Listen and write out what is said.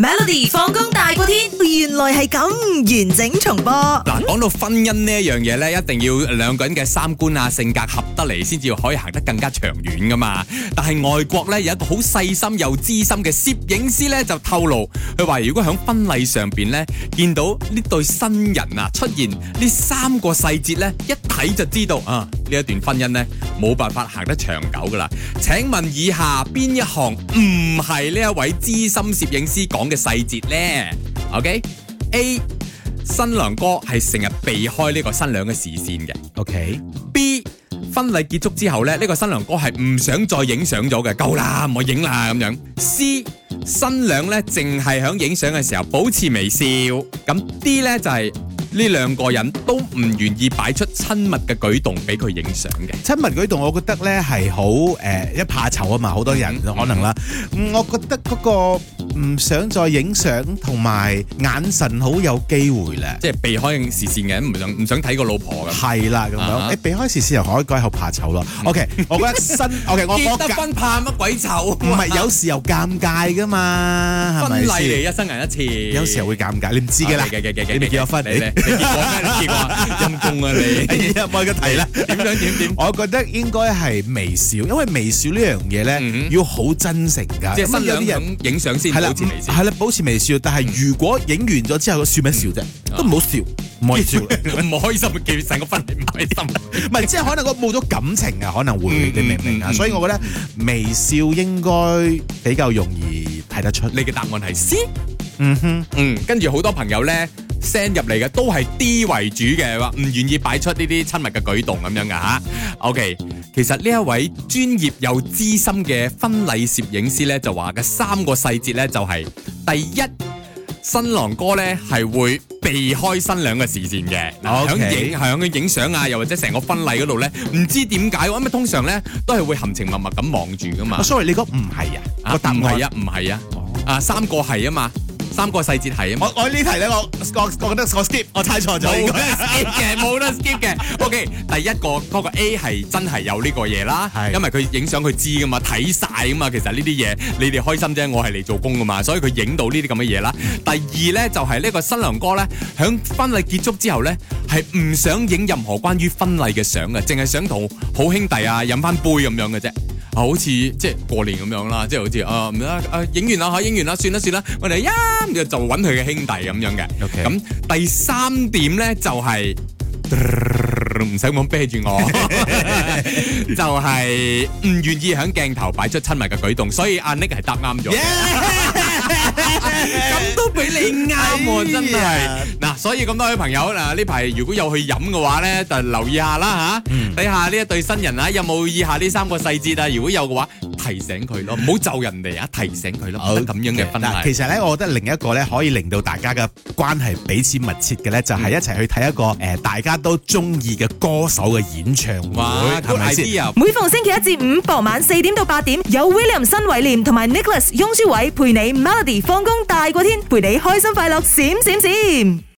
Melody 放工大過天，原來係咁完整重播。嗱，講到婚姻呢一樣嘢咧，一定要兩個人嘅三觀啊、性格合得嚟，先至可以行得更加長遠噶嘛。但係外國咧有一個好細心又資深嘅攝影師咧，就透露，佢話如果響婚禮上邊咧見到呢對新人啊出現呢三個細節咧，一睇就知道啊。嗯呢一段婚姻呢，冇辦法行得長久噶啦。請問以下邊一行唔係呢一位資深攝影師講嘅細節呢？OK，A，新郎哥係成日避開呢個新娘嘅視線嘅。OK，B，Okay? 婚禮結束之後呢，呢個新娘哥係唔想再影相咗嘅，夠啦，唔好影啦咁樣。C，新娘呢，淨係響影相嘅時候保持微笑。咁 D 呢，就係。呢兩個人都唔願意擺出親密嘅舉動俾佢影相嘅親密舉動，我覺得呢係好誒一怕醜啊嘛，好多人可能啦，我覺得嗰個。唔想再影相，同埋眼神好有機會咧，即係避開視線嘅，唔想唔想睇個老婆嘅。係啦，咁樣你避開視線又可以改口怕醜咯。OK，我覺得新 OK，我我結得婚怕乜鬼醜？唔係有時又尷尬噶嘛，係咪？例如，一生人一次，有時會尷尬，你唔知噶啦，你未結咗婚，你你結過咩？你結過。我哋乜嘢啊？我個題咧，點樣點點？我覺得應該係微笑，因為微笑呢樣嘢咧，要好真誠㗎。即係乜有啲人影相先，係啦，係啦，保持微笑。但係如果影完咗之後，笑咩笑啫？都唔好笑，唔可以笑，唔開心咪叫晒個分嚟埋。唔係，即係可能我冇咗感情啊，可能會你明唔明啊？所以我覺得微笑應該比較容易睇得出。你嘅答案係 C。嗯哼，嗯，跟住好多朋友咧。聲入嚟嘅都係 D 為主嘅，唔願意擺出呢啲親密嘅舉動咁樣嘅吓。OK，其實呢一位專業又資深嘅婚禮攝影師咧就話嘅三個細節咧就係、是：第一，新郎哥咧係會避開新娘嘅視線嘅，喺影係嘅影相啊，又或者成個婚禮嗰度咧，唔知點解，咁啊通常咧都係會含情脈脈咁望住噶嘛。Oh, sorry，你講唔係啊，個唔係啊，唔係答案 啊,啊，啊三個係啊嘛。三個細節係啊，我我呢題咧，我覺得我，我，我，我，我 skip，我猜錯咗。冇得 skip 嘅，冇 得 skip 嘅。 OK，第一個嗰、那個 A 係真係有呢個嘢啦， 因為佢影相佢知噶嘛，睇晒啊嘛。其實呢啲嘢你哋開心啫，我係嚟做工噶嘛，所以佢影到呢啲咁嘅嘢啦。 第二咧就係、是、呢個新郎哥咧，響婚禮結束之後咧，係唔想影任何關於婚禮嘅相嘅，淨係想同好兄弟啊飲翻杯咁樣嘅啫。好似即係過年咁樣啦，即係好似啊，啊影完啦，吓影完啦，算啦算啦，我哋呀就揾佢嘅兄弟咁樣嘅。OK，咁第三點咧就係唔使咁啤住我，就係唔願意響鏡頭擺出親密嘅舉動，所以阿 Nick 係答啱咗 Yeah! 你啱喎，真係嗱，所以咁多位朋友嗱，呢排如果有去飲嘅話咧，就留意下啦吓。睇下呢一對新人啊，有冇以下呢三個細節啊？如果有嘅話，提醒佢咯，唔好就人哋啊，提醒佢咯。好咁樣嘅關係。嗱，其實咧，我覺得另一個咧，可以令到大家嘅關係彼此密切嘅咧，就係一齊去睇一個誒，大家都中意嘅歌手嘅演唱會，係咪先？每逢星期一至五傍晚四點到八點，有 William 新偉廉同埋 Nicholas 翁舒偉陪你 Melody 放工大過天陪你。開心快樂，閃閃閃！